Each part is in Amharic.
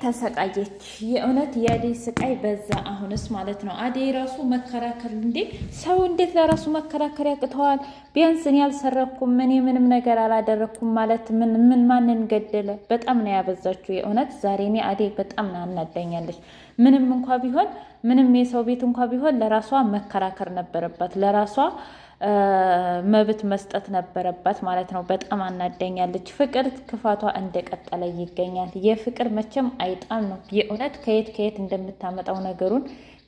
ተሰቃየች። የእውነት የአዴ ስቃይ በዛ። አሁንስ ማለት ነው አዴ ራሱ መከራከር እንዴ! ሰው እንዴት ለራሱ መከራከር ያቅተዋል? ቢያንስ እኔ አልሰረኩም፣ እኔ ምንም ነገር አላደረግኩም ማለት ምን ምን ማንን ገደለ? በጣም ነው ያበዛችው። የእውነት ዛሬ እኔ አዴ በጣም አናዳኛለች። ምንም እንኳ ቢሆን ምንም የሰው ቤት እንኳ ቢሆን ለራሷ መከራከር ነበረባት ለራሷ መብት መስጠት ነበረባት ማለት ነው። በጣም አናደኛለች። ፍቅር ክፋቷ እንደቀጠለ ይገኛል። የፍቅር መቼም አይጣል ነው የእውነት ከየት ከየት እንደምታመጣው ነገሩን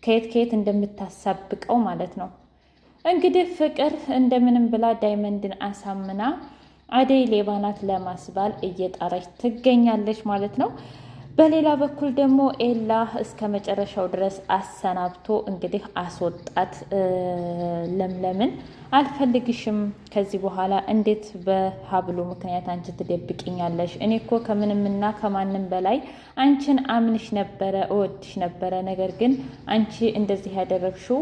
ከየት ከየት እንደምታሳብቀው ማለት ነው። እንግዲህ ፍቅር እንደምንም ብላ ዳይመንድን አሳምና አደይ ሌባናት ለማስባል እየጣረች ትገኛለች ማለት ነው። በሌላ በኩል ደግሞ ኤላ እስከ መጨረሻው ድረስ አሰናብቶ እንግዲህ አስወጣት። ለምለምን አልፈልግሽም ከዚህ በኋላ እንዴት በሀብሉ ምክንያት አንቺ ትደብቅኛለሽ? እኔ እኮ ከምንምና ከማንም በላይ አንቺን አምንሽ ነበረ፣ እወድሽ ነበረ። ነገር ግን አንቺ እንደዚህ ያደረግሽው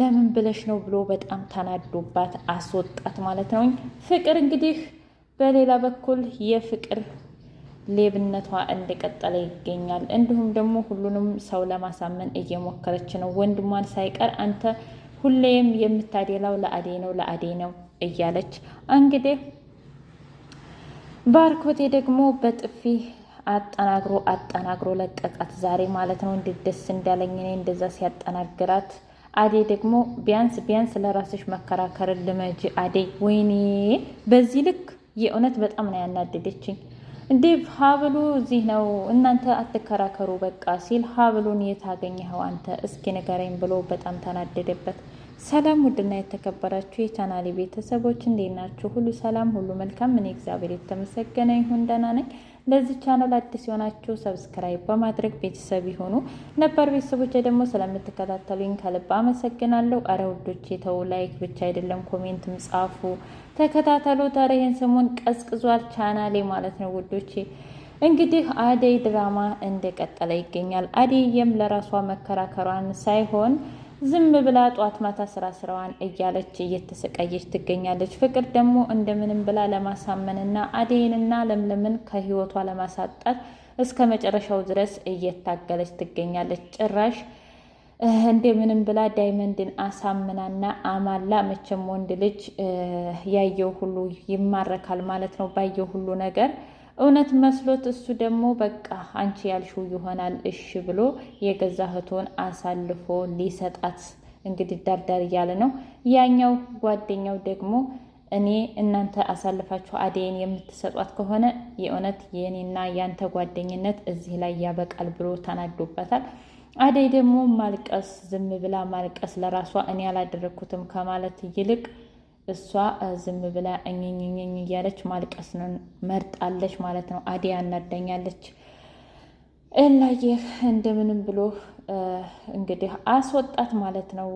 ለምን ብለሽ ነው ብሎ በጣም ተናዶባት አስወጣት ማለት ነው። ፍቅር እንግዲህ በሌላ በኩል የፍቅር ሌብነቷ እንደቀጠለ ይገኛል። እንዲሁም ደግሞ ሁሉንም ሰው ለማሳመን እየሞከረች ነው። ወንድሟን ሳይቀር አንተ ሁሌም የምታደላው ለአዴ ነው ለአዴ ነው እያለች እንግዲህ ባርኮቴ ደግሞ በጥፊ አጠናግሮ አጠናግሮ ለቀቃት ዛሬ ማለት ነው። እንዴት ደስ እንዳለኝ እኔ እንደዛ ሲያጠናግራት። አዴ ደግሞ ቢያንስ ቢያንስ ለራስሽ መከራከርን ልመጅ አዴ። ወይኔ በዚህ ልክ የእውነት በጣም ነው ያናደደችኝ። ዴቭ ሀብሉ እዚህ ነው እናንተ አትከራከሩ በቃ ሲል ሀብሉን የት አገኘኸው አንተ እስኪ ንገረኝ ብሎ በጣም ተናደደበት። ሰላም ውድና የተከበራችሁ የቻናሌ ቤተሰቦች እንዴት ናችሁ? ሁሉ ሰላም፣ ሁሉ መልካም። እኔ እግዚአብሔር የተመሰገነ ይሁን ደህና ነኝ። ለዚህ ቻናል አዲስ የሆናችሁ ሰብስክራይብ በማድረግ ቤተሰብ የሆኑ ነባር ቤተሰቦች ደግሞ ስለምትከታተሉኝ ከልብ አመሰግናለሁ። አረ ውዶቼ ተው፣ ላይክ ብቻ አይደለም ኮሜንት ምጻፉ፣ ተከታተሉ። ታሪህን ስሙን ቀዝቅዟል ቻናሌ ማለት ነው ውዶቼ። እንግዲህ አደይ ድራማ እንደቀጠለ ይገኛል። አደይም ለራሷ መከራከሯን ሳይሆን ዝም ብላ ጧት ማታ ስራ ስራዋን እያለች እየተሰቃየች ትገኛለች። ፍቅር ደግሞ እንደምንም ብላ ለማሳመንና አደይንና ለምለምን ከህይወቷ ለማሳጣት እስከ መጨረሻው ድረስ እየታገለች ትገኛለች። ጭራሽ እንደምንም ብላ ዳይመንድን አሳምናና አማላ መቼም ወንድ ልጅ ያየው ሁሉ ይማረካል ማለት ነው ባየው ሁሉ ነገር እውነት መስሎት እሱ ደግሞ በቃ አንቺ ያልሽው ይሆናል እሺ ብሎ የገዛ እህቱን አሳልፎ ሊሰጣት እንግዲህ ዳርዳር እያለ ነው። ያኛው ጓደኛው ደግሞ እኔ እናንተ አሳልፋችሁ አደይን የምትሰጧት ከሆነ የእውነት የእኔና ያንተ ጓደኝነት እዚህ ላይ ያበቃል ብሎ ተናዶበታል። አደይ ደግሞ ማልቀስ ዝም ብላ ማልቀስ ለራሷ እኔ አላደረግኩትም ከማለት ይልቅ እሷ ዝም ብላ እኝኝኝኝ እያለች ማልቀስ ነው መርጣለች ማለት ነው። እናዳኛለች አናዳኛለች። ይህ እንደምንም ብሎ እንግዲህ አስወጣት ማለት ነው።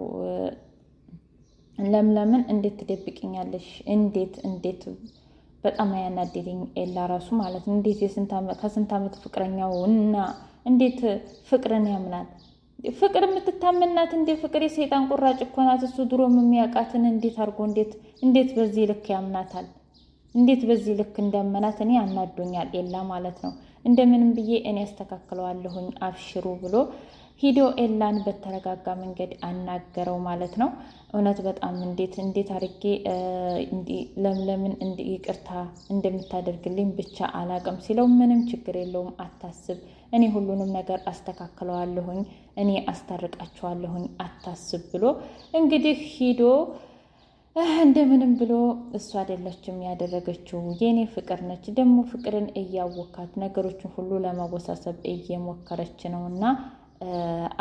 ለምለምን እንዴት ትደብቅኛለሽ? እንዴት እንዴት በጣም ያናደደኝ ኤላ ራሱ ማለት ነው። እንዴት ከስንት ዓመት ፍቅረኛው እና እንዴት ፍቅርን ያምናል ፍቅር የምትታመናት እንዴ? ፍቅር የሰይጣን ቁራጭ እኮ ናት። እሱ ድሮም የሚያውቃትን እንዴት አድርጎ እንዴት እንዴት በዚህ ልክ ያምናታል? እንዴት በዚህ ልክ እንዳመናት እኔ አናዶኛል። የላ ማለት ነው እንደምንም ብዬ እኔ ያስተካክለዋለሁኝ አብሽሩ ብሎ ሂዶ ኤላን በተረጋጋ መንገድ አናገረው ማለት ነው። እውነት በጣም እንዴት እንዴት አድርጌ ለምለምን ይቅርታ እንደምታደርግልኝ ብቻ አላቅም ሲለው፣ ምንም ችግር የለውም አታስብ፣ እኔ ሁሉንም ነገር አስተካክለዋለሁኝ፣ እኔ አስታርቃቸዋለሁኝ አታስብ ብሎ እንግዲህ ሂዶ እንደምንም ብሎ እሱ አይደለችም ያደረገችው የኔ ፍቅር ነች። ደግሞ ፍቅርን እያወካት ነገሮችን ሁሉ ለማወሳሰብ እየሞከረች ነው እና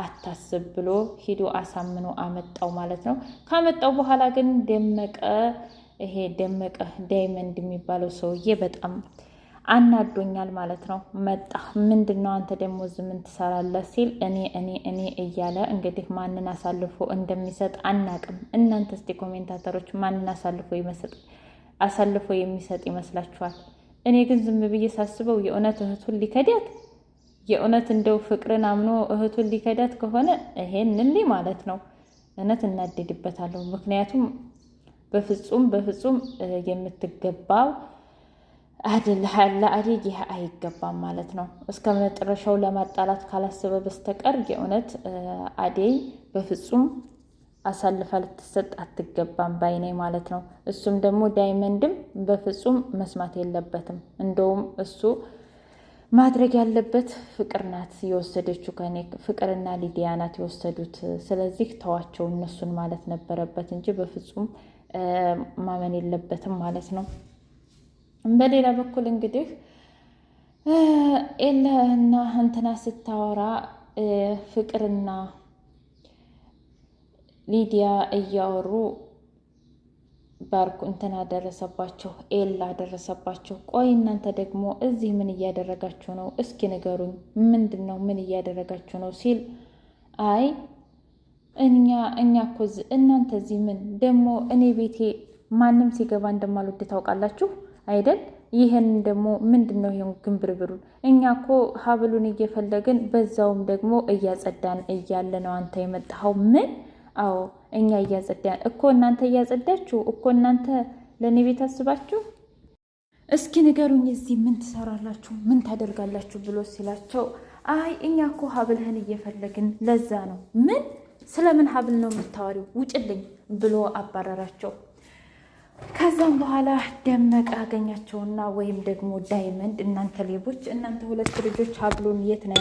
አታስብ ብሎ ሂዶ አሳምኖ አመጣው ማለት ነው። ካመጣው በኋላ ግን ደመቀ ይሄ ደመቀ ዳይመንድ የሚባለው ሰውዬ በጣም አናዶኛል ማለት ነው። መጣ ምንድን ነው አንተ ደግሞ እዚህ ምን ትሰራለህ? ሲል እኔ እኔ እኔ እያለ እንግዲህ ማንን አሳልፎ እንደሚሰጥ አናቅም። እናንተ እስቲ ኮሜንታተሮች ማንን አሳልፎ ይመስጥ አሳልፎ የሚሰጥ ይመስላችኋል? እኔ ግን ዝም ብዬ ሳስበው የእውነት እህቱን ሊከዳት የእውነት እንደው ፍቅርን አምኖ እህቱን ሊከዳት ከሆነ ይሄንን ማለት ነው እውነት እናደድበታለሁ። ምክንያቱም በፍጹም በፍጹም የምትገባው ለአዴግ ይህ አይገባም ማለት ነው። እስከ መጨረሻው ለማጣላት ካላሰበ በስተቀር የእውነት አዴ በፍጹም አሳልፋ ልትሰጥ አትገባም ባይኔ ማለት ነው። እሱም ደግሞ ዳይመንድም በፍጹም መስማት የለበትም እንደውም እሱ ማድረግ ያለበት ፍቅር ናት የወሰደችው ከኔ ፍቅርና ሊዲያ ናት የወሰዱት። ስለዚህ ተዋቸው እነሱን ማለት ነበረበት እንጂ በፍጹም ማመን የለበትም ማለት ነው። በሌላ በኩል እንግዲህ ኤለና እንትና ስታወራ ፍቅርና ሊዲያ እያወሩ ባርኩ እንትና ደረሰባቸው፣ ኤላ ደረሰባቸው። ቆይ እናንተ ደግሞ እዚህ ምን እያደረጋችሁ ነው? እስኪ ንገሩኝ፣ ምንድን ነው ምን እያደረጋችሁ ነው? ሲል አይ እኛ እኛ እኮ እናንተ እዚህ ምን ደግሞ እኔ ቤቴ ማንም ሲገባ እንደማልወድ ታውቃላችሁ አይደል? ይህን ደግሞ ምንድን ነው ይሄን ግንብርብሩን? እኛ እኮ ሀብሉን እየፈለግን በዛውም ደግሞ እያጸዳን እያለ ነው አንተ የመጣኸው ምን አዎ እኛ እያጸዳን እኮ እናንተ እያጸዳችሁ እኮ እናንተ ለእኔ ቤት አስባችሁ እስኪ ንገሩኝ፣ እዚህ ምን ትሰራላችሁ? ምን ታደርጋላችሁ? ብሎ ሲላቸው አይ እኛ እኮ ሀብልህን እየፈለግን ለዛ ነው። ምን ስለምን ሀብል ነው የምታወሪው? ውጭልኝ ብሎ አባረራቸው። ከዛም በኋላ ደመቀ አገኛቸውና ወይም ደግሞ ዳይመንድ እናንተ ሌቦች፣ እናንተ ሁለት ልጆች ሀብሉን የት ነው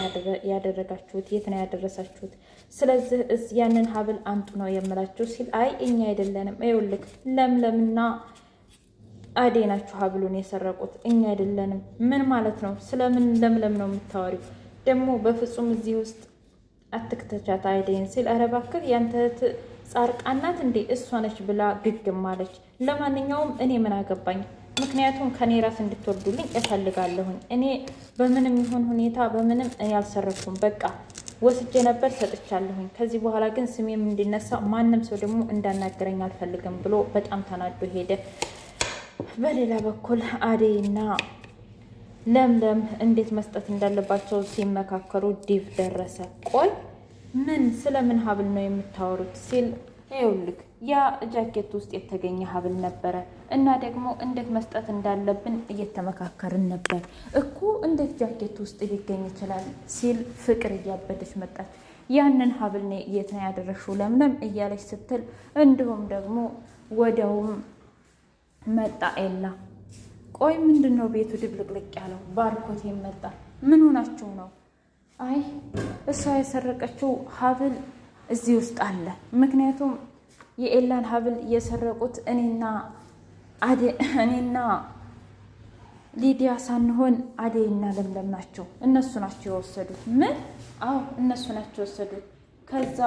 ያደረጋችሁት? የት ነው ያደረሳችሁት? ስለዚህ ያንን ሀብል አምጡ ነው የምላችሁ ሲል አይ እኛ አይደለንም፣ ይኸውልህ ለምለምና አዴ ናችሁ ሀብሉን የሰረቁት እኛ አይደለንም። ምን ማለት ነው? ስለምን ለምለም ነው የምታወሪው? ደግሞ በፍጹም እዚህ ውስጥ አትክተቻት አይደን ሲል ኧረ እባክህ ያንተ ጻርቃናት እንዴ እሷ ነች ብላ ግግም አለች። ለማንኛውም እኔ ምን አገባኝ፣ ምክንያቱም ከኔ ራስ እንድትወርዱልኝ እፈልጋለሁኝ። እኔ በምንም ይሁን ሁኔታ በምንም ያልሰረኩም፣ በቃ ወስጄ ነበር ሰጥቻለሁኝ። ከዚህ በኋላ ግን ስሜም እንዲነሳ ማንም ሰው ደግሞ እንዳናገረኝ አልፈልግም ብሎ በጣም ተናዶ ሄደ። በሌላ በኩል አደይና ለምለም እንዴት መስጠት እንዳለባቸው ሲመካከሩ ዲቭ ደረሰ። ቆይ ምን ስለምን ሀብል ነው የምታወሩት? ሲል ይኸውልህ ያ ጃኬት ውስጥ የተገኘ ሀብል ነበረ እና ደግሞ እንዴት መስጠት እንዳለብን እየተመካከርን ነበር እኮ እንዴት ጃኬት ውስጥ ሊገኝ ይችላል? ሲል ፍቅር እያበደች መጣች። ያንን ሀብል የት ነው ያደረግሽው? ለምለም እያለች ስትል እንዲሁም ደግሞ ወደውም መጣ ኤላ። ቆይ ምንድን ነው ቤቱ ድብልቅልቅ ያለው? ባርኮቴ መጣ። ምን ሆናችሁ ነው አይ እሷ የሰረቀችው ሀብል እዚህ ውስጥ አለ። ምክንያቱም የኤላን ሀብል የሰረቁት እኔና እኔና ሊዲያ ሳንሆን አደይና ለምለም ናቸው። እነሱ ናቸው የወሰዱት። ምን? አዎ እነሱ ናቸው የወሰዱት። ከዛ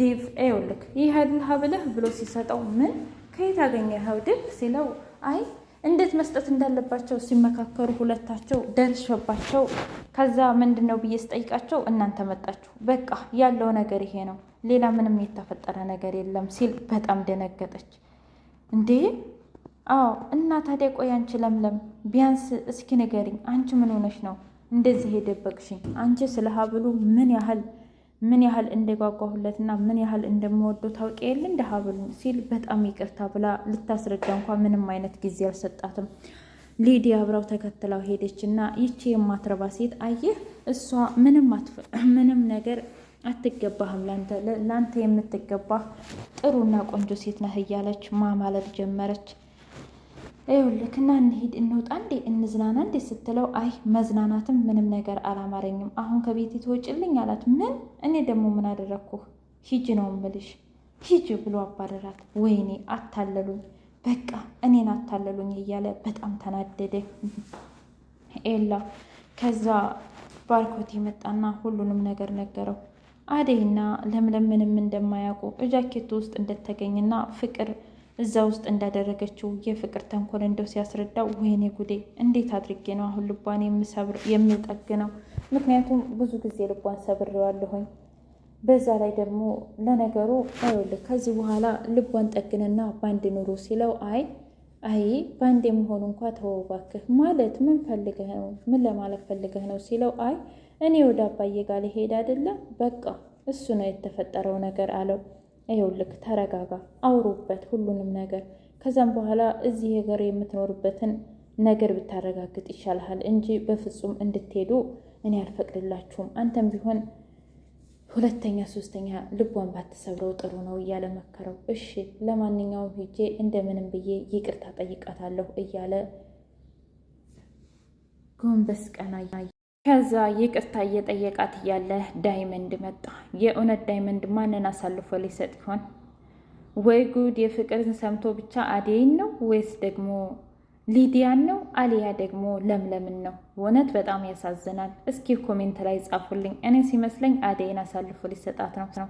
ዴቭ ይኸውልህ ይህ ሀብልህ ብሎ ሲሰጠው ምን ከየት አገኘኸው? ድብ ሲለው አይ እንዴት መስጠት እንዳለባቸው ሲመካከሩ ሁለታቸው ደርሸባቸው፣ ከዛ ምንድን ነው ብዬ ስጠይቃቸው እናንተ መጣችሁ፣ በቃ ያለው ነገር ይሄ ነው፣ ሌላ ምንም የተፈጠረ ነገር የለም ሲል በጣም ደነገጠች። እንዴ አዎ። እና ታዲያ ቆይ አንቺ ለምለም ቢያንስ እስኪ ንገሪኝ፣ አንቺ ምን ሆነሽ ነው እንደዚህ የደበቅሽኝ? አንቺ ስለ ሀብሉ ምን ያህል ምን ያህል እንደጓጓሁለትና ምን ያህል እንደምወደው ታውቂ የለ እንደ ሲል በጣም ይቅርታ ብላ ልታስረዳ እንኳ ምንም አይነት ጊዜ አልሰጣትም። ሊዲያ አብራው ተከትለው ሄደች እና ይቺ የማትረባ ሴት አየህ፣ እሷ ምንም ነገር አትገባህም፣ ለአንተ የምትገባህ ጥሩና ቆንጆ ሴት ነህ እያለች ማማለት ጀመረች። ይኸውልህ እና እንሂድ እንውጣ እንዴ እንዝናና እንዴ ስትለው አይ መዝናናትም ምንም ነገር አላማረኝም። አሁን ከቤት ትወጭልኝ አላት። ምን እኔ ደግሞ ምን አደረግኩ? ሂጅ ነው ምልሽ ሂጅ ብሎ አባረራት። ወይኔ አታለሉኝ፣ በቃ እኔን አታለሉኝ እያለ በጣም ተናደደ ኤላ። ከዛ ባርኮት መጣና ሁሉንም ነገር ነገረው። አደይና ለምለም ምንም እንደማያውቁ ጃኬቱ ውስጥ እንደተገኝና ፍቅር እዛ ውስጥ እንዳደረገችው የፍቅር ተንኮል እንደው ሲያስረዳው ወይኔ ጉዴ እንዴት አድርጌ ነው አሁን ልቧን የምጠግ ነው? ምክንያቱም ብዙ ጊዜ ልቧን ሰብሬዋለሁኝ። በዛ ላይ ደግሞ ለነገሩ ከዚህ በኋላ ልቧን ጠግንና ባንድ ኑሩ ሲለው አይ አይ ባንድ የመሆኑ እንኳ ተወባክህ ማለት ምን ፈልገህ ነው? ምን ለማለት ፈልገህ ነው ሲለው አይ እኔ ወደ አባዬ ጋር ሄድ አይደለም በቃ እሱ ነው የተፈጠረው ነገር አለው። ይኸውልህ ተረጋጋ፣ አውሩበት ሁሉንም ነገር። ከዛም በኋላ እዚህ ሀገር የምትኖርበትን ነገር ብታረጋግጥ ይሻልሃል እንጂ በፍጹም እንድትሄዱ እኔ አልፈቅድላችሁም። አንተም ቢሆን ሁለተኛ ሶስተኛ ልቧን ባትሰብረው ጥሩ ነው እያለ መከረው። እሺ ለማንኛውም ሂጄ እንደምንም ብዬ ይቅርታ ጠይቃታለሁ እያለ ጎንበስ ቀና ከዛ ይቅርታ እየጠየቃት እያለ ዳይመንድ መጣ። የእውነት ዳይመንድ ማንን አሳልፎ ሊሰጥ ይሆን? ወይ ጉድ! የፍቅርን ሰምቶ ብቻ አዴይን ነው ወይስ ደግሞ ሊዲያን ነው? አሊያ ደግሞ ለምለምን ነው? እውነት በጣም ያሳዝናል። እስኪ ኮሜንት ላይ ጻፉልኝ። እኔ ሲመስለኝ አዴይን አሳልፎ ሊሰጣት ነው።